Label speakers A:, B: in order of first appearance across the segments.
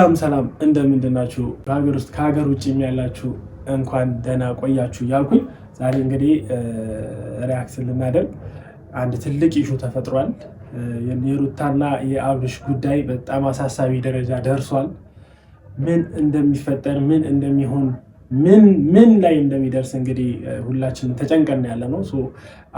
A: ሰላም ሰላም እንደምንድናችሁ በሀገር ውስጥ ከሀገር ውጭ የሚያላችሁ እንኳን ደህና ቆያችሁ እያልኩኝ ዛሬ እንግዲህ ሪያክት ልናደርግ አንድ ትልቅ ኢሹ ተፈጥሯል። የሩታና የአብርሽ ጉዳይ በጣም አሳሳቢ ደረጃ ደርሷል። ምን እንደሚፈጠር ምን እንደሚሆን ምን ምን ላይ እንደሚደርስ እንግዲህ ሁላችንም ተጨንቀን ያለ ነው።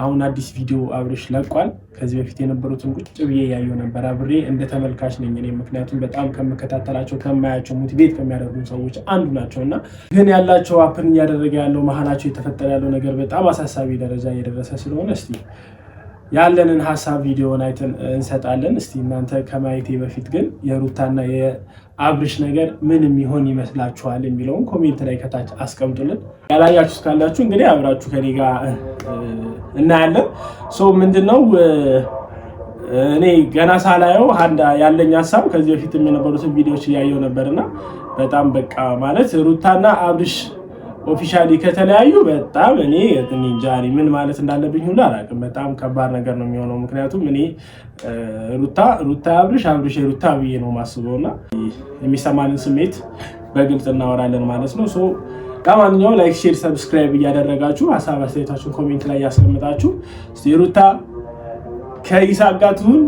A: አሁን አዲስ ቪዲዮ አብሬሽ ለቋል። ከዚህ በፊት የነበሩትን ቁጭ ብዬ ያየው ነበር አብሬ እንደ ተመልካች ነኝ እኔ ምክንያቱም በጣም ከምከታተላቸው ከማያቸው ሞቲቬት ከሚያደርጉ ሰዎች አንዱ ናቸው እና ግን ያላቸው አፕን እያደረገ ያለው መሀላቸው የተፈጠረ ያለው ነገር በጣም አሳሳቢ ደረጃ እየደረሰ ስለሆነ እስኪ ያለንን ሀሳብ ቪዲዮን አይተን እንሰጣለን። እስቲ እናንተ ከማየቴ በፊት ግን የሩታና የአብርሽ ነገር ምን የሚሆን ይመስላችኋል የሚለውን ኮሜንት ላይ ከታች አስቀምጡልን። ያላያችሁ እስካላችሁ እንግዲህ አብራችሁ ከኔ ጋር እናያለን። ምንድነው ምንድን ነው እኔ ገና ሳላየው ያለኝ ሀሳብ ከዚህ በፊት የሚነበሩትን ቪዲዮዎች እያየው ነበርና በጣም በቃ ማለት ሩታና አብርሽ ኦፊሻሊ ከተለያዩ በጣም እኔ ጃሪ ምን ማለት እንዳለብኝ ሁሉ አላውቅም። በጣም ከባድ ነገር ነው የሚሆነው። ምክንያቱም እኔ ሩታ ሩታ አብርሽ አብርሽ ሩታ ብዬ ነው ማስበው እና የሚሰማንን ስሜት በግልጽ እናወራለን ማለት ነው። ለማንኛውም ላይክ፣ ሼር፣ ሰብስክራይብ እያደረጋችሁ ሀሳብ አስተያየታችሁን ኮሜንት ላይ እያስቀምጣችሁ ሩታ ከይሳ ጋር ትሁን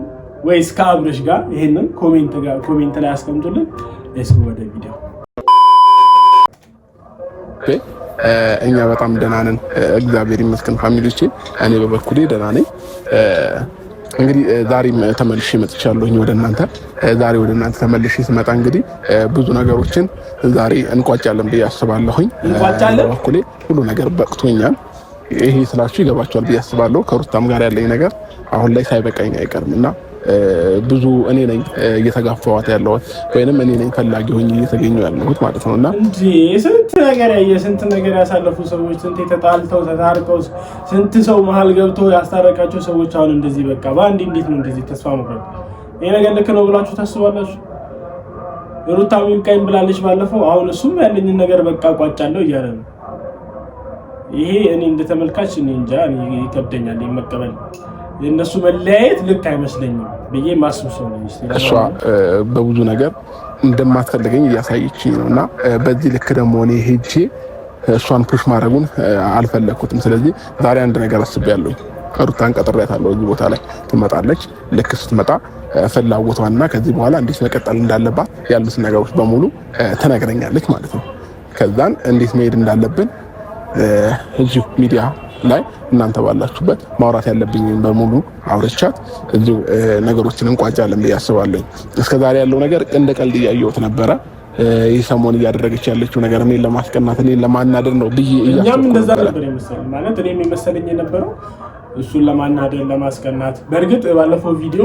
A: ወይስ ከአብርሽ ጋር ይህንን ኮሜንት ላይ ያስቀምጡልን። ወደ ቪዲዮ ኦኬ እኛ በጣም ደህና ነን፣ እግዚአብሔር ይመስገን። ፋሚሊዎቼ እኔ በበኩሌ ደህና ነኝ። እንግዲህ ዛሬም ተመልሼ መጥቻለሁ ወደ እናንተ። ዛሬ ወደ እናንተ ተመልሼ ስመጣ እንግዲህ ብዙ ነገሮችን ዛሬ እንቋጫለን ብዬ አስባለሁኝ። በበኩሌ ሁሉ ነገር በቅቶኛል። ይሄ ስላችሁ ይገባችኋል ብዬ አስባለሁ። ከሩታም ጋር ያለኝ ነገር አሁን ላይ ሳይበቃኝ አይቀርም እና ብዙ እኔ ነኝ እየተጋፋዋት ያለሁት ወይንም እኔ ነኝ ፈላጊ ሆኜ እየተገኘሁ ያለሁት ማለት ነው እና ስንት ነገር ያየ ስንት ነገር ያሳለፉ ሰዎች ስንት የተጣልተው ተታርቀው ስንት ሰው መሀል ገብቶ ያስታረቃቸው ሰዎች አሁን እንደዚህ በቃ በአንድ እንዴት ነው እንደዚህ ተስፋ መቁረጥ ይህ ነገር ልክ ነው ብላችሁ ታስባላችሁ? ሩታም ብላለች ባለፈው። አሁን እሱም ያለኝን ነገር በቃ ቋጫለሁ እያለ ነው። ይሄ እኔ እንደተመልካች እኔ እንጃ ይከብደኛል መቀበል የእነሱ መለያየት ልክ አይመስለኝም ብዬ ማስብ ሰው እሷ በብዙ ነገር እንደማትፈልገኝ እያሳየችኝ ነው እና በዚህ ልክ ደግሞ እኔ ሄጄ እሷን ፑሽ ማድረጉን አልፈለግኩትም። ስለዚህ ዛሬ አንድ ነገር አስቤያለሁ። ሩታን ቀጥሬያታለሁ። እዚህ ቦታ ላይ ትመጣለች። ልክ ስትመጣ ፍላጎቷና ከዚህ በኋላ እንዴት መቀጠል እንዳለባት ያሉት ነገሮች በሙሉ ትነግረኛለች ማለት ነው። ከዛን እንዴት መሄድ እንዳለብን እዚሁ ሚዲያ ላይ እናንተ ባላችሁበት ማውራት ያለብኝ በሙሉ አውርቻት እዚሁ ነገሮችን እንቋጫለን ብዬ አስባለሁ። እስከዛሬ ያለው ነገር እንደ ቀልድ እያየሁት ነበረ። ይህ ሰሞን እያደረገች ያለችው ነገር እኔን ለማስቀናት እኔን ለማናደር ነው ብዬ እኛም እንደዛ ነበር የመሰለኝ። ማለት እኔም የመሰለኝ የነበረው እሱን ለማናደር ለማስቀናት። በእርግጥ ባለፈው ቪዲዮ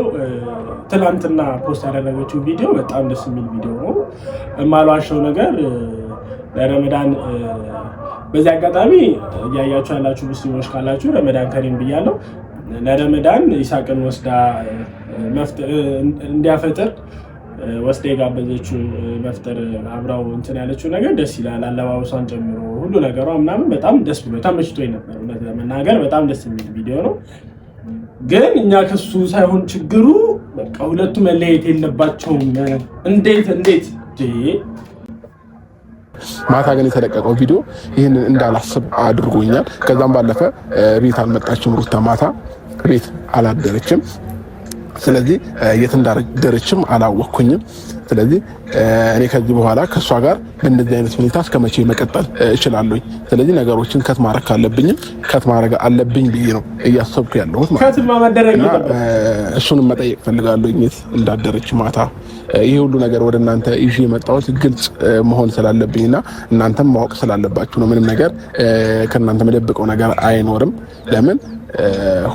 A: ትላንትና ፖስት ያደረገችው ቪዲዮ በጣም ደስ የሚል ቪዲዮ ነው። የማልዋሸው ነገር ለረመዳን በዚህ አጋጣሚ እያያችሁ ያላችሁ ሙስሊሞች ካላችሁ ረመዳን ከሪም ብያለሁ። ለረመዳን ይሳቅን ወስዳ እንዲያፈጥር ወስደ የጋበዘችው መፍጠር አብራው እንትን ያለችው ነገር ደስ ይላል። አለባበሷን ጨምሮ ሁሉ ነገሯ ምናምን በጣም ደስ ብሎ ተመችቶኝ ነበር። እውነት ለመናገር በጣም ደስ የሚል ቪዲዮ ነው። ግን እኛ ከሱ ሳይሆን ችግሩ በቃ ሁለቱ መለየት የለባቸውም። እንዴት እንዴት ማታ ግን የተለቀቀው ቪዲዮ ይህንን እንዳላስብ አድርጎኛል። ከዛም ባለፈ ቤት አልመጣችም ሩታ ማታ ቤት አላደረችም። ስለዚህ የት እንዳደረችም አላወቅኩኝም። ስለዚህ እኔ ከዚህ በኋላ ከእሷ ጋር በእንደዚህ አይነት ሁኔታ እስከ መቼ መቀጠል እችላለሁ ስለዚህ ነገሮችን ከት ማድረግ ካለብኝም ከት ማድረግ አለብኝ ብዬ ነው እያሰብኩ ያለሁት ማለት እሱንም መጠየቅ ፈልጋለሁ የት እንዳደረች ማታ። ይህ ሁሉ ነገር ወደ እናንተ ይዤ የመጣሁት ግልጽ መሆን ስላለብኝና እናንተም ማወቅ ስላለባችሁ ነው። ምንም ነገር ከእናንተ መደብቀው ነገር አይኖርም። ለምን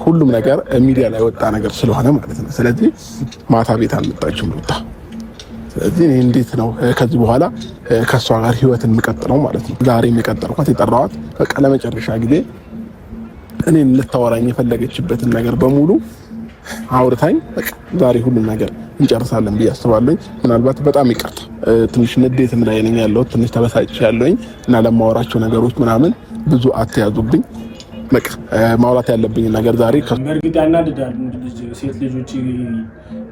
A: ሁሉም ነገር ሚዲያ ላይ ወጣ ነገር ስለሆነ ማለት ነው። ስለዚህ ማታ ቤት አልመጣችሁም ሩታ ስለዚህ እኔ እንዴት ነው ከዚህ በኋላ ከእሷ ጋር ህይወትን የምቀጥለው ማለት ነው። ዛሬ የቀጠርኳት የጠራዋት በቃ ለመጨረሻ ጊዜ እኔን ልታወራኝ የፈለገችበትን ነገር በሙሉ አውርታኝ ዛሬ ሁሉም ነገር እንጨርሳለን ብዬ አስባለኝ። ምናልባት በጣም ይቅርታ ትንሽ ንዴት ላይ ነኝ ትንሽ ተበሳጭ ያለኝ እና ለማወራቸው ነገሮች ምናምን ብዙ አትያዙብኝ። በቃ ማውራት ያለብኝ ነገር ዛሬ በእርግጥ ያናድዳል ሴት ልጆች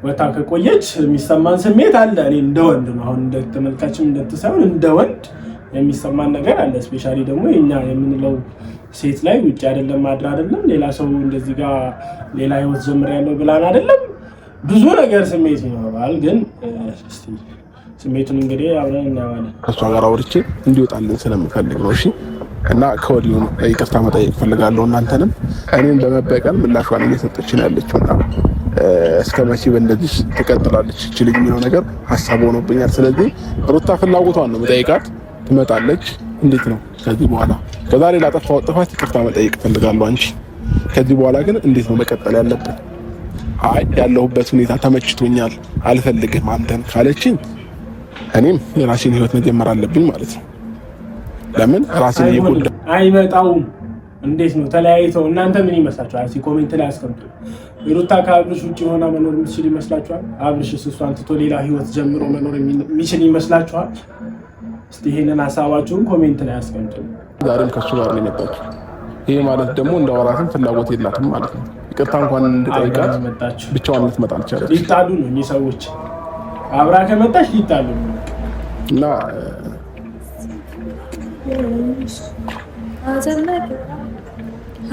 A: ወታ ከቆየች የሚሰማን ስሜት አለ። እኔ እንደ ወንድ ነው አሁን እንደ ተመልካችም እንደተሳይሆን እንደ ወንድ የሚሰማን ነገር አለ። እስፔሻሊ ደግሞ እኛ የምንለው ሴት ላይ ውጭ አይደለም ማድር አይደለም ሌላ ሰው እንደዚህ ጋር ሌላ ህይወት ጀምር ያለው ብላን አይደለም ብዙ ነገር ስሜት ይኖረዋል። ግን ስሜቱን እንግዲህ አብረን እናያለን። ከእሷ ጋር አውርቼ እንዲወጣልን ስለምፈልግ ነው። እሺ እና ከወዲሁን ይቅርታ መጠየቅ ፈልጋለሁ እናንተንም እኔም በመበቀል ምላሿን እየሰጠችን ያለችው እና እስከ መቼ በእንደዚህ ትቀጥላለች እቺ ልጅ የሚለው ነገር ሀሳብ ሆኖብኛል። ስለዚህ ሩታ ፍላጎቷን ነው መጠይቃት ትመጣለች። እንዴት ነው ከዚህ በኋላ ከዛሬ ላጠፋው ጥፋት ይቅርታ መጠየቅ ፈልጋለሁ አንቺ ከዚህ በኋላ ግን እንዴት ነው መቀጠል ያለብን? አይ ያለሁበት ሁኔታ ተመችቶኛል፣ አልፈልግም አንተን ካለችኝ እኔም የራሴን ህይወት መጀመር አለብኝ ማለት ነው። ለምን ራሴን እየጎዳ አይመጣውም። እንዴት ነው ተለያይተው እናንተ ምን ይመስላችኋል? ኮሜንት ላይ አስቀምጡ። የሩታ ከአብርሽ ውጭ የሆነ መኖር የሚችል ይመስላችኋል? አብርሽ እሷን ትቶ ሌላ ህይወት ጀምሮ መኖር የሚችል ይመስላችኋል? እስቲ ይሄንን ሀሳባችሁን ኮሜንት ላይ አስቀምጡ። ዛሬም ከሱ ጋር ነው የመጣችሁ። ይሄ ማለት ደግሞ እንዳወራትም ፍላጎት የላትም ማለት ነው። ይቅርታ እንኳን እንድጠይቃት ብቻዋን ልትመጣ አልቻለች። ሊጣሉ ነው እኚህ ሰዎች። አብራ ከመጣች ሊጣሉ ነው እና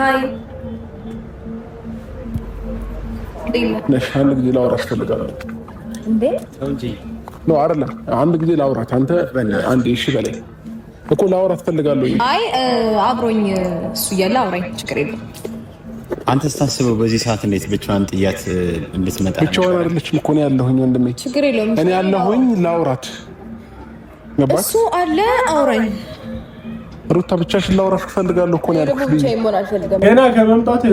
A: ሀይ አንድ ጊዜ ላውራሽ እፈልጋለሁ። አይደለም አንድ ጊዜ ላውራት አንተ እሺ እኮ ላውራት እፈልጋለሁ።
B: አይ አብሮኝ እሱ እያለ አውራኝ ችግር የለም።
C: አንተ ስታስበው በዚህ ሰዓት እንዴት ብቻዋን ጥያት እንድትመጣ
A: ብቻዋን አይደለችም እኮ ነው ያለሁኝ፣ ወንድሜ ችግር የለውም። እኔ ያለሁኝ ላውራት እሱ
B: አለ አውራኝ
A: ሩታ ብቻሽን ላውራሽ እፈልጋለሁ እኮ ነው ያልኩሽ። ገና ከመምጣት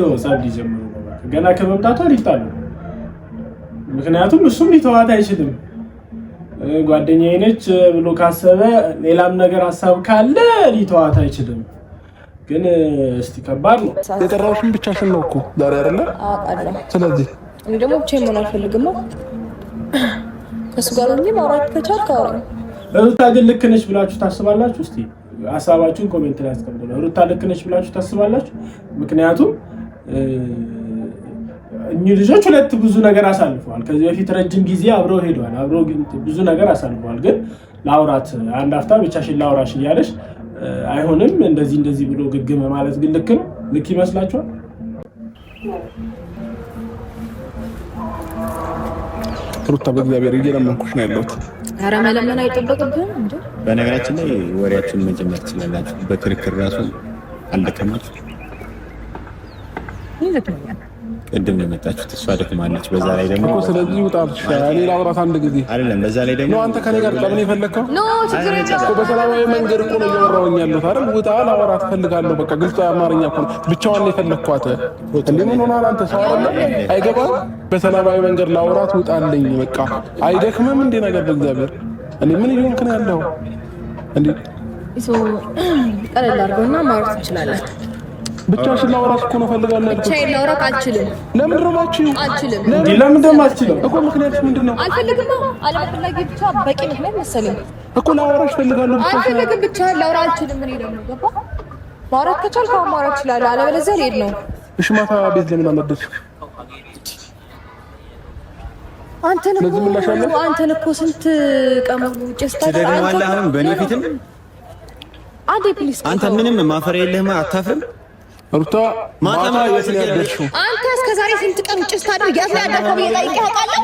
A: ጀምሮ ገና ከመምጣቷ ሊጣሉ። ምክንያቱም እሱም ሊተዋት አይችልም። ጓደኛዬ ነች ብሎ ካሰበ ሌላም ነገር ሀሳብ ካለ ሊተዋት አይችልም። ግን እስቲ ከባድ ነው። የጠራሁሽን ብቻሽን ነው እኮ ዛሬ አይደለ? ስለዚህ
B: እኔ ደግሞ ብቻ መሆን አልፈልግም። ከእሱ ጋር እንጂ ማውራት ከቻልክ
A: ሩታ ግን ልክ ነች ብላችሁ ታስባላችሁ? እስቲ ሀሳባችሁን ኮሜንት ላይ አስቀምጡ። ሩታ ልክ ነች ብላችሁ ታስባላችሁ? ምክንያቱም እኚህ ልጆች ሁለት ብዙ ነገር አሳልፈዋል። ከዚህ በፊት ረጅም ጊዜ አብረው ሄደዋል። አብረው ብዙ ነገር አሳልፈዋል። ግን ለአውራት አንድ አፍታ ብቻሽን ለአውራሽ እያለሽ አይሆንም እንደዚህ እንደዚህ ብሎ ግግም ማለት ግን ልክ ነው? ልክ ይመስላችኋል? ሩታ በእግዚአብሔር እየለመንኩሽ ነው ያለሁት።
B: ኧረ መለመን አይጠበቅብህም።
C: በነገራችን ላይ ወሬያችን መጀመር ትችላላችሁ። በክርክር ራሱ አልደከማችሁ ይዘክለኛል ቅድም ነው የመጣችሁት። እሷ ደክማለች። በዛ ላይ ደግሞ
A: ስለዚህ ውጣ ሌላ አውራት አንድ ጊዜ
C: አይደለም። በዛ ላይ ደግሞ
A: አንተ ከኔ ጋር ቀምን የፈለግከው በሰላማዊ መንገድ እኮ ነው እያወራሁኝ ያለሁት አይደል? ውጣ ላወራት እፈልጋለሁ። በቃ ግልጽ አማርኛ እኮ ነው። ብቻዋን ነው የፈለግኳት። እንደ ምን ሆኗል? አንተ ሰው አይደለም አይገባም። በሰላማዊ መንገድ ላወራት ውጣልኝ። በቃ አይደክምም እንዴ? ነገር በእግዚአብሔር እንዴ ምን እየሆንክ ነው ያለው እንዴ?
B: ቀለል አድርገውና ማውራት ትችላለን
A: ብቻሽን ላወራሽ እኮ ነው ፈልጋለሁ።
B: ብቻዬን ላወራሽ አልችልም።
A: ለምን ነው ማችው? አልችልም ለምን ደግሞ አልችልም እኮ ምክንያቱም ምንድነው?
B: አልፈልግም። አለመፈለጌ ብቻ በቂ ምክንያት መሰለኝ
A: እኮ ላወራሽ ፈልጋለሁ። ብቻ
B: አልፈልግም። ብቻዬን ላወራሽ አልችልም። እኔ ደግሞ ገባ ማውራት ከቻልክ ማውራት እችላለሁ፣ አለበለዚያ ልሄድ ነው።
A: እሺ ማታ ቤት ለምን አመደሽ?
B: አንተን እኮ አንተን እኮ ስንት ቀን ውጭ
C: ስታደር አንተ በእኔ ፊትም አንዴ ፕሊስ አንተ ምንም ማፈሪያ የለህም። አታፍርም
A: ሩታ ማታ ማለት ነው አንተ
B: እስከ ዛሬ ስንት ቀን ጭስ ታድርግ ያስ ላይ አዳርከው ብዬ ጠይቄህ አውቃለሁ።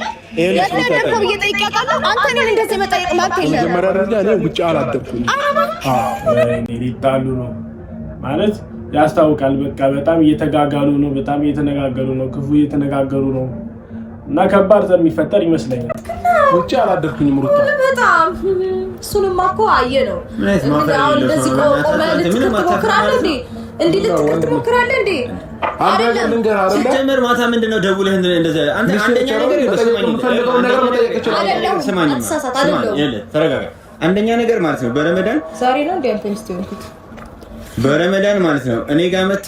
B: ያስ ላይ አዳርከው ብዬ አውቃለሁ። አንተ እኔን እንደዚህ መጠየቅ ማለት የለም። መጀመሪያ ደረጃ
A: እኔ ውጭ አላደርኩም። ሊጣሉ ነው ማለት ያስታውቃል። በቃ በጣም እየተጋጋሉ ነው፣ በጣም እየተነጋገሩ ነው፣ ክፉ እየተነጋገሩ ነው። እና ከባድ የሚፈጠር ይመስለኛል። ውጭ አላደርኩኝም ሩታ
B: በጣም እሱንማ እኮ አየህ ነው። እንደዚህ ቆመህ ልትሞክራለህ እንዴ? እንዲህ ልትቀር ትሞክራለህ እንዴ?
A: ሲጀመር
C: ማታ ምንድን ነው ደውለህ አንደኛ ነገር አንደኛ ነገር ማለት ነው በረመዳን ዛሬ ነው በረመዳን ማለት ነው እኔ ጋር መታ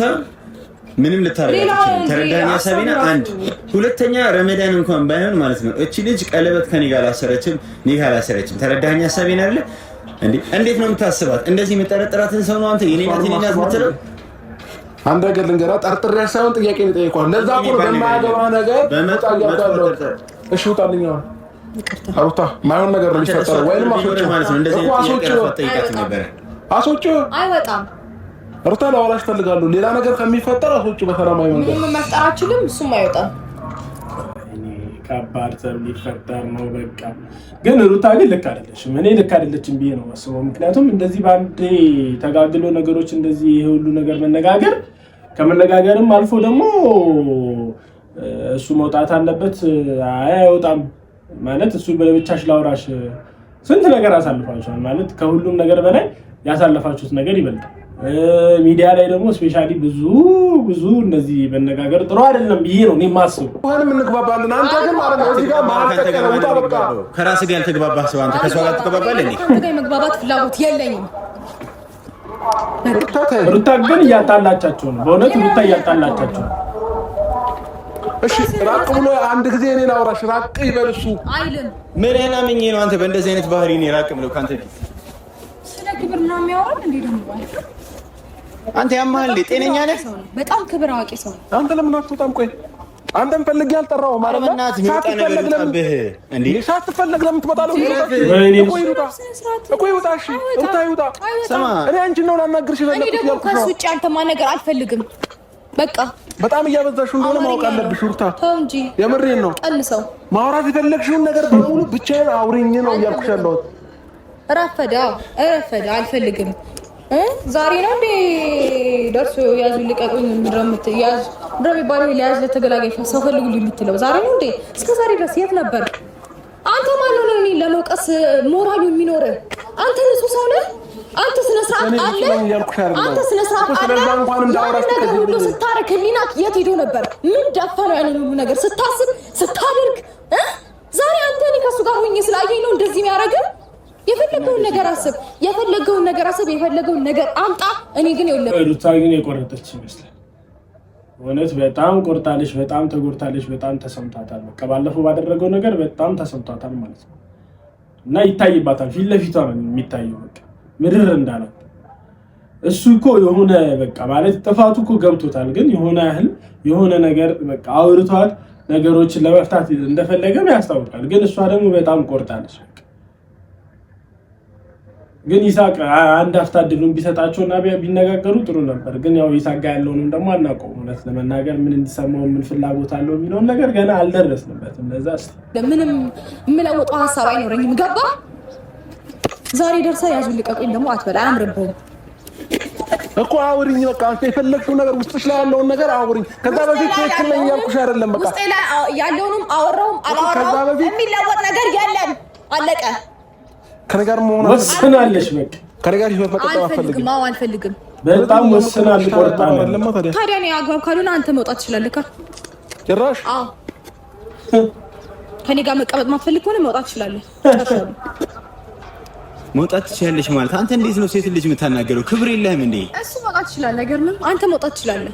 C: ምንም ልታረጋ ተረዳኝ። ሀሳቢና አንድ ሁለተኛ ረመዳን እንኳን ባይሆን ማለት ነው እቺ ልጅ ቀለበት ከኔ ጋር አላሰረችም፣ እኔ ጋር አላሰረችም። ተረዳኝ ሀሳቢና አይደለ እንዴት ነው የምታስባት? እንደዚህ የምጠረጥራትን ሰው ነው አንተ የኔ ናት የኔ ናት የምትለው
A: አንድ ነገር ልንገራ፣ ጠርጥሬ ሳይሆን ጥያቄ ነው ለዛ ቁር ነው በማያገባ ነገር እሺ ውጣልኝ። ሩታ ማይሆን ነገር ነው የሚፈጠረው። ወይንም አስወጪው። አይወጣም። ሩታ ላወራሽ እፈልጋለሁ። ሌላ ነገር ከሚፈጠር አስወጪው በሰላማዊ መንገድ። ምንም መፍጠር
B: አችልም። እሱም አይወጣም።
A: ከባድ ዘር ሊፈጠር ነው። በቃ ግን ሩታ ግን ልክ አይደለችም። እኔ ልክ አይደለችም ብዬ ነው ማስበው። ምክንያቱም እንደዚህ በአንዴ ተጋግሎ ነገሮች እንደዚህ የሁሉ ነገር መነጋገር ከመነጋገርም አልፎ ደግሞ እሱ መውጣት አለበት። አይ አይወጣም ማለት እሱ በብቻሽ ላውራሽ ስንት ነገር አሳልፋችኋል። ማለት ከሁሉም ነገር በላይ ያሳለፋችሁት ነገር ይበልጣል። ሚዲያ ላይ ደግሞ ስፔሻሊ ብዙ ብዙ እነዚህ መነጋገር ጥሩ አይደለም ብዬ ነው እኔ የማስበው። ጋር
C: ሰው አንተ ከሰው ጋር ትግባባለህ። መግባባት
B: ፍላጎት የለኝም
A: ሩታ ግን እያጣላቻቸው ነው። በእውነት ሩታ እያጣላቻቸው ነው። እሺ ራቅ ብሎ አንድ ጊዜ እኔን አውራሽ ራቅ ይበልሱ አይልም። ምን
C: እና ምኜ ነው አንተ በእንደዚህ አይነት ባህሪ እኔ ራቅ ብለው ከአንተ ፊት ስለ ክብር ነው የሚያወራው እንዴ? ደግሞ አንተ ያማል ጤነኛ ነህ?
B: በጣም ክብር አዋቂ ሰው አንተ ለምን
A: አትወጣም? ቆይ አንተም ፈልጌ አልጠራሁም። ሳትፈለግ ለምን ትመጣለህ? እኔ አንቺን ነው ላናግርሽ
B: ነገር አልፈልግም። በቃ
A: በጣም እያበዛሽው እንደሆነ ማወቅ አለብሽ ሩታ። የምሬን ነው። ማውራት የፈለግሽውን ነገር በሙሉ ብቻዬን አውሪኝ ነው እያልኩሽ ያለሁት።
B: አልፈልግም ዛሬ ነው እንዴ ደርሶ ያዙ ልቀቁኝ ምድረምት ያዙ ምድረም የሚባለው ለያዝ ለተገላጋይ ሰው ፈልጉ የምትለው ዛሬ ነው እንዴ? እስከ ዛሬ ድረስ የት ነበር አንተ? ማን ነው እኔ ለመውቀስ ሞራሉ የሚኖር አንተ? ንጹህ ሰው ነህ አንተ። ስነ ስርዓት አለ አንተ፣ ስነ ስርዓት አለ። ያን ነገር ሁሉ ስታረክ ህሊናክ የት ሄዶ ነበር? ምን ዳፋ ነው ያንን ሁሉ ነገር ስታስብ ስታደርግ? ዛሬ አንተ እኔ ከሱ ጋር ሆኜ ስላየኝ ነው እንደዚህ የሚያደርገው የፈለገውን ነገር አስብ፣ የፈለገውን ነገር አስብ፣ የፈለገውን ነገር አምጣ። እኔ ግን
A: ሩታ ግን የቆረጠች ይመስላል። እውነት በጣም ቆርጣለች፣ በጣም ተጎድታለች፣ በጣም ተሰምቷታል። በቃ ባለፈው ባደረገው ነገር በጣም ተሰምቷታል ማለት ነው እና ይታይባታል። ፊት ለፊቷ ነው የሚታየው። በቃ ምድር እንዳለ እሱ እኮ የሆነ በቃ ማለት ጥፋቱ እኮ ገብቶታል። ግን የሆነ ያህል የሆነ ነገር በቃ አውርቷል። ነገሮችን ለመፍታት እንደፈለገም ያስታውቃል። ግን እሷ ደግሞ በጣም ቆርጣለች። ግን ይሳቅ አንድ አፍታ ድሉን ቢሰጣቸው እና ቢነጋገሩ ጥሩ ነበር። ግን ያው ይሳቅ ጋር ያለውንም ደግሞ አናውቀውም። እውነት ለመናገር ምን እንዲሰማው ምን ፍላጎት አለው የሚለውን ነገር ገና አልደረስንበትም። ለዛ ምንም የምለውጠው ሀሳብ አይኖረኝም። ገባ
B: ዛሬ ደርሳ ያዙ ልቀቁኝ ደግሞ አትበል። አያምርብህም
A: እኮ አውሪኝ። በቃ አንተ የፈለግሽው ነገር ውስጥሽ ላይ ያለውን ነገር አውሪኝ። ከዛ በፊት ትክክል ነኝ እያልኩሽ
B: አይደለም። በቃ ውስጤ ላይ ያለውንም አወራውም አላወራውም የሚለወጥ ነገር የለም። አለቀ
A: ከኔ ጋር መሆን ወስናለሽ። በቃ ከኔ ጋር ህይወት መቀጠል
B: አልፈልግም። አዎ አልፈልግም። በጣም ወስናል።
A: ቆርጣ ነው ታዲያ። እኔ አግባብ
B: ካልሆነ አንተ መውጣት ትችላለህ። ካ ጭራሽ አዎ፣ ከኔ ጋር መቀመጥ ማትፈልግ ከሆነ መውጣት ትችላለህ።
C: መውጣት ትችላለሽ ማለት አንተ እንዴት ነው ሴት ልጅ የምታናገረው? ክብር የለህም እንዴ? እሱ መውጣት ትችላለህ።
B: አይገርምም? አንተ መውጣት ትችላለህ።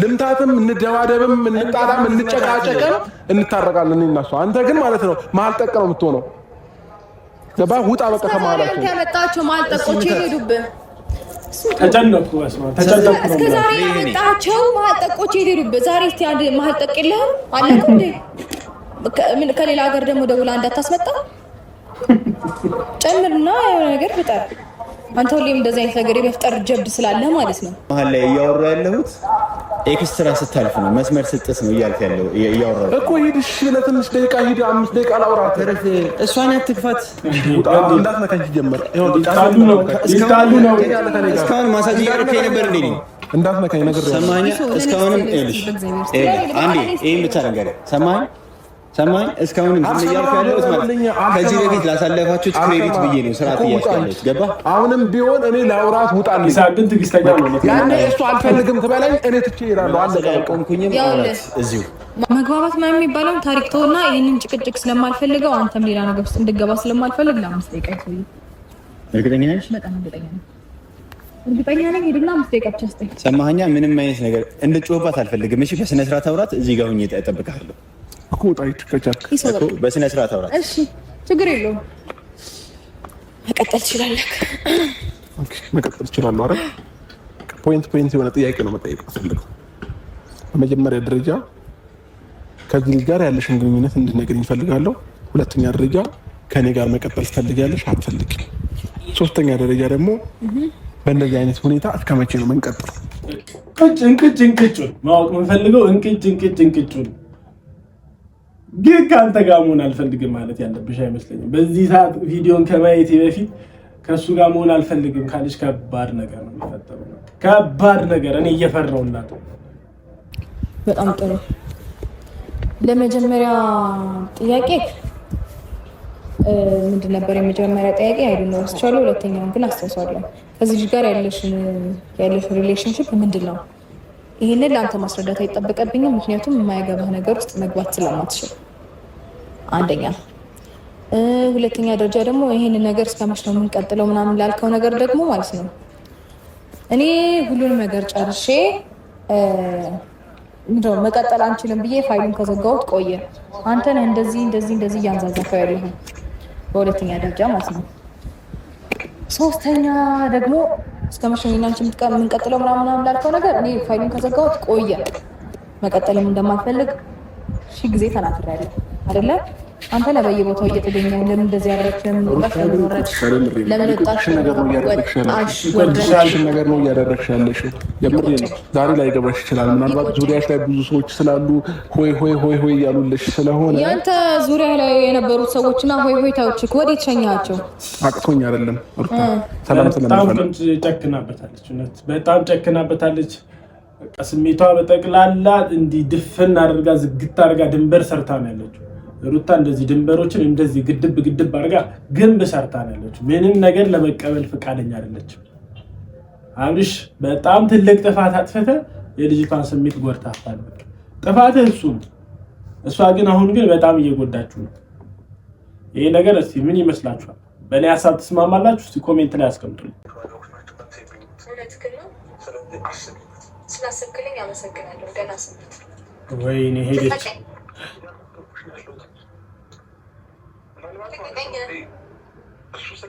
A: ልምታትም እንደባደብም እንጣላም እንጨቃጨቅም እንታረቃለን እናሱ አንተ ግን ማለት ነው መሀል ጠቅ ነው የምትሆነው። ገባ ውጣ፣ በቃ
B: ከመሀላቸው ያመጣቸው መሀል ጠቆች የሄዱብህ ተጨነቅኩ። እስከ ዛሬ ያመጣቸው መሀል ጠቆች የሄዱብህ ዛሬ እስኪ አንድ መሀል ጠቅ የለህም እንዴ? ከሌላ ሀገር ደግሞ ደውላ እንዳታስመጣ ጨምርና የሆነ ነገር ፍጠር። አንተ ሁሌም እንደዚህ አይነት ነገር የመፍጠር ጀብድ ስላለህ ማለት ነው መሀል ላይ
C: እያወራ ያለሁት ኤክስትራ ስታልፍ ነው መስመር ስጥስ ነው እያልክ ያለው እያወራ
A: እኮ ሂድ፣ ለትንሽ ደቂቃ ሂድ፣ አምስት ደቂቃ ላውራት ላውራ። እሷን ያትግፋት እንዳትነካኝ ጀመር።
C: እስካሁን ማሳጅ እያደረክ የነበር እንዴ?
A: እንዳትነካኝ ነገር
C: ሰማኸኝ። እስካሁንም ይኸውልሽ፣ አንዴ ይህን ብቻ ነገር ሰማኝ ሰማኝ እስካሁን ዝም እያልኩ ያለሁት ከዚህ በፊት ላሳለፋችሁት ክሬዲት ብዬ ነው ስርዓት እያልኩ ገባ።
A: አሁንም ቢሆን እኔ ለአውራት ውጣልኝ ያኔ እሱ አልፈልግም ትበላኝ እኔ ትቼ እሄዳለሁ አልቆምኩኝም እዚሁ
B: መግባባት ምናምን የሚባለው ታሪክ ተውና ይህንን ጭቅጭቅ ስለማልፈልገው አንተም ሌላ ነገር ውስጥ እንድገባ ስለማልፈልግ ለአምስት ደቂቃ ይቆይ
C: እርግጠኛ ነሽ በጣም
B: እርግጠኛ ነኝ እርግጠኛ ነኝ። ሄድና አምስት ስጠኝ።
C: ሰማኸኛ? ምንም አይነት ነገር እንድትጮህባት አልፈልግም። እሺ፣ በስነ ስርዓት አውራት። እዚህ ጋር ሁኜ እጠብቅሃለሁ።
A: እኮ ጣይት ከቻክ
C: በስነ ስርዓት አውራት። እሺ
B: ችግር የለውም። መቀጠል ትችላለህ።
A: ኦኬ መቀጠል ትችላለህ። አረ ፖይንት ፖይንት የሆነ ጥያቄ ነው መጠየቅ ፈልገው። በመጀመሪያ ደረጃ ከዚህ ጋር ያለሽን ግንኙነት እንድነግሪኝ ፈልጋለሁ። ሁለተኛ ደረጃ ከኔ ጋር መቀጠል ትፈልጊያለሽ አትፈልጊም? ሶስተኛ ደረጃ ደግሞ በእንደዚህ አይነት ሁኔታ እስከ መቼ ነው የምንቀጥለው? እንቅጭ እንቅጭ እንቅጩን ማወቅ እንቅጭ እንቅጭ እንቅጩን ግን ከአንተ ጋር መሆን አልፈልግም ማለት ያለብሽ አይመስለኝም። በዚህ ሰዓት ቪዲዮን ከማየቴ በፊት ከእሱ ጋር መሆን አልፈልግም ካለች ከባድ ነገር ነው የሚፈጠረው። ከባድ ነገር እኔ እናት።
B: በጣም ጥሩ። ለመጀመሪያ ጥያቄ ምንድን ነበር? የመጀመሪያ ጥያቄ አይዱን ረስቻለሁ። ሁለተኛውን ግን አስታውሳለሁ። ከዚህ ልጅ ጋር ያለሽን ሪሌሽንሽፕ ምንድን ነው? ይህንን ለአንተ ማስረዳት አይጠበቀብኝም፣ ምክንያቱም የማይገባህ ነገር ውስጥ መግባት ስለማትችል አንደኛ። ሁለተኛ ደረጃ ደግሞ ይህንን ነገር እስከመች ነው የምንቀጥለው ምናምን ላልከው ነገር ደግሞ ማለት ነው እኔ ሁሉንም ነገር ጨርሼ መቀጠል አንችልም ብዬ ፋይሉን ከዘጋሁት ቆየ። አንተን እንደዚህ እንደዚህ እንደዚህ እያንዛዘፈው ያለሁ በሁለተኛ ደረጃ ማለት ነው። ሶስተኛ ደግሞ እስከ መቼ እኔና የምንቀጥለው ምናምን እንዳልከው ነገር እኔ ፋይሉን ከዘጋሁት ቆየ መቀጠልም እንደማልፈልግ ሺ ጊዜ ተናግሬያለሁ አይደለ አንተ ላይ በየቦታው እየተገኘ ለምን እንደዚህ ያደረግሽ? ለምን ወጣሽ?
A: ነገር ነው እያደረግሽ ያለሽ። የምር ዛሬ ላይ ገባሽ ይችላል። ምናልባት ዙሪያሽ ላይ ብዙ ሰዎች ስላሉ ሆይ ሆይ ሆይ ሆይ እያሉልሽ ስለሆነ ያንተ
B: ዙሪያ ላይ የነበሩት ሰዎችና ሆይ ሆይ ታዎች ወደ የተሸኛቸው
A: አቅቶኝ አይደለም። ሰላም ጨክናበታለች፣ በጣም ጨክናበታለች። ስሜቷ በጠቅላላ እንዲህ ድፍን አድርጋ ዝግት አድርጋ ድንበር ሰርታ ነው ያለችው። ሩታ እንደዚህ ድንበሮችን እንደዚህ ግድብ ግድብ አድርጋ ግንብ ሰርታ ነው ያለችው። ምንም ነገር ለመቀበል ፈቃደኛ አይደለችም። አብርሽ በጣም ትልቅ ጥፋት አጥፍተህ የልጅቷን ስሜት ጎድተሃል። ጥፋትህ እሱ ነው። እሷ ግን አሁን ግን በጣም እየጎዳችሁ ነው። ይሄ ነገር እስቲ ምን ይመስላችኋል? በእኔ ሀሳብ ትስማማላችሁ? እስቲ ኮሜንት ላይ አስቀምጡልኝ። ወይኔ ሄደች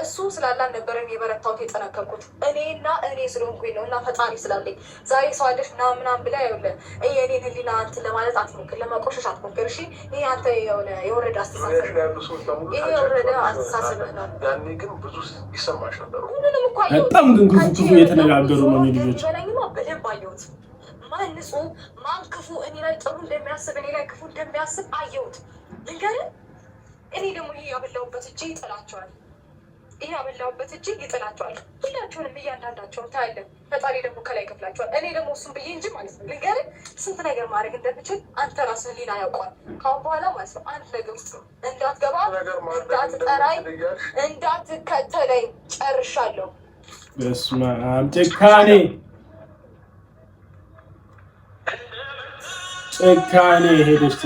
B: እሱ ስላላን ነበረን የበረታሁት የጠነከርኩት እኔና እኔ ስለሆንኩኝ ነው እና ፈጣሪ ስላለኝ ዛሬ ሰው አለሽ ምናምን ምናምን ብላ የሆነ የእኔን ህሊና እንትን ለማለት አትሞክር፣ ለመቆሸሽ አትሞክር። እሺ ይህ አንተ የሆነ የወረደ አስተሳሰብ ይህ የወረደ አስተሳሰብ ነው። ያኔ ግን ብዙ ይሰማሽ ነበሩ። ሁሉንም እኮ በጣም
A: ግን ክፉ የተነጋገሩ ነው ልጆች በላኝማ በደንብ አየሁት። ማን ንጹህ ማን ክፉ እኔ ላይ ጥሩ እንደሚያስብ እኔ ላይ ክፉ እንደሚያስብ አየሁት። ልንገርህ እኔ ደግሞ ይሄ ያበላሁበት እጄ ይጥላቸዋል ይህ ያበላሁበት እጅ ይጥላቸዋል። ሁላችሁንም እያንዳንዳቸውን ታያለን። ፈጣሪ ደግሞ ከላይ ይከፍላቸዋል። እኔ ደግሞ እሱን ብዬ እንጂ ማለት ነው ልንገር፣ ስንት ነገር ማድረግ እንደምችል አንተ ራስ ሊና ያውቋል። ካሁን በኋላ ማለት ነው አንድ ነገር ውስጥ እንዳትገባ፣ እንዳትጠራይ፣ እንዳትከተለኝ ጨርሻለሁ። ጭካኔ ጭካኔ ሄደች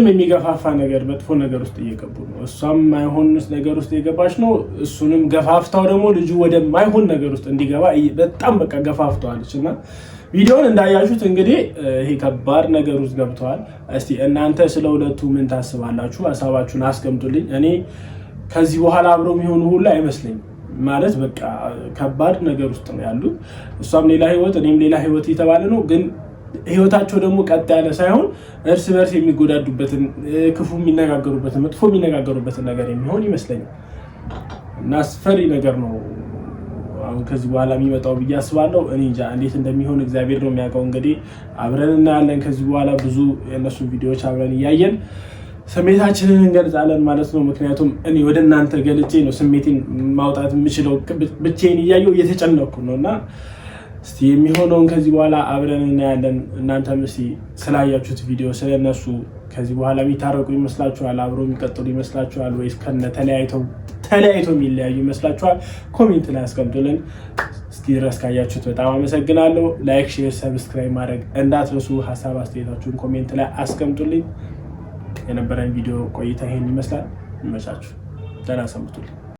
A: ሁሉንም የሚገፋፋ ነገር መጥፎ ነገር ውስጥ እየገቡ ነው። እሷም ማይሆን ነገር ውስጥ እየገባች ነው። እሱንም ገፋፍታው ደግሞ ልጁ ወደ ማይሆን ነገር ውስጥ እንዲገባ በጣም በቃ ገፋፍተዋለች እና ቪዲዮን እንዳያችሁት እንግዲህ ይሄ ከባድ ነገር ውስጥ ገብተዋል። እስቲ እናንተ ስለ ሁለቱ ምን ታስባላችሁ? ሀሳባችሁን አስቀምጡልኝ። እኔ ከዚህ በኋላ አብሮ የሚሆኑ ሁሉ አይመስለኝም። ማለት በቃ ከባድ ነገር ውስጥ ነው ያሉት። እሷም ሌላ ህይወት፣ እኔም ሌላ ህይወት እየተባለ ነው ግን ህይወታቸው ደግሞ ቀጥ ያለ ሳይሆን እርስ በርስ የሚጎዳዱበትን ክፉ የሚነጋገሩበትን መጥፎ የሚነጋገሩበትን ነገር የሚሆን ይመስለኛል እና አስፈሪ ነገር ነው አሁን ከዚህ በኋላ የሚመጣው ብዬ አስባለሁ። እኔ እንጃ እንዴት እንደሚሆን እግዚአብሔር ነው የሚያውቀው። እንግዲህ አብረን እናያለን። ከዚህ በኋላ ብዙ የእነሱ ቪዲዮዎች አብረን እያየን ስሜታችንን እንገልጻለን ማለት ነው። ምክንያቱም እኔ ወደ እናንተ ገልጬ ነው ስሜቴን ማውጣት የምችለው። ብቻዬን እያየሁ እየተጨነኩ ነው እና እስቲ የሚሆነውን ከዚህ በኋላ አብረን እናያለን። እናንተም እስቲ ስላያችሁት ቪዲዮ ስለነሱ ከዚህ በኋላ የሚታረቁ ይመስላችኋል? አብሮ የሚቀጥሉ ይመስላችኋል? ወይስ ከነ ተለያይተው የሚለያዩ ይመስላችኋል? ኮሜንት ላይ አስቀምጡልን። እስኪ ድረስ ካያችሁት በጣም አመሰግናለሁ። ላይክ፣ ሼር፣ ሰብስክራይብ ማድረግ እንዳትረሱ። ሀሳብ አስተያየታችሁን ኮሜንት ላይ አስቀምጡልኝ። የነበረን ቪዲዮ ቆይታ ይሄን ይመስላል። ይመቻችሁ። ደህና ሰንብቱልኝ።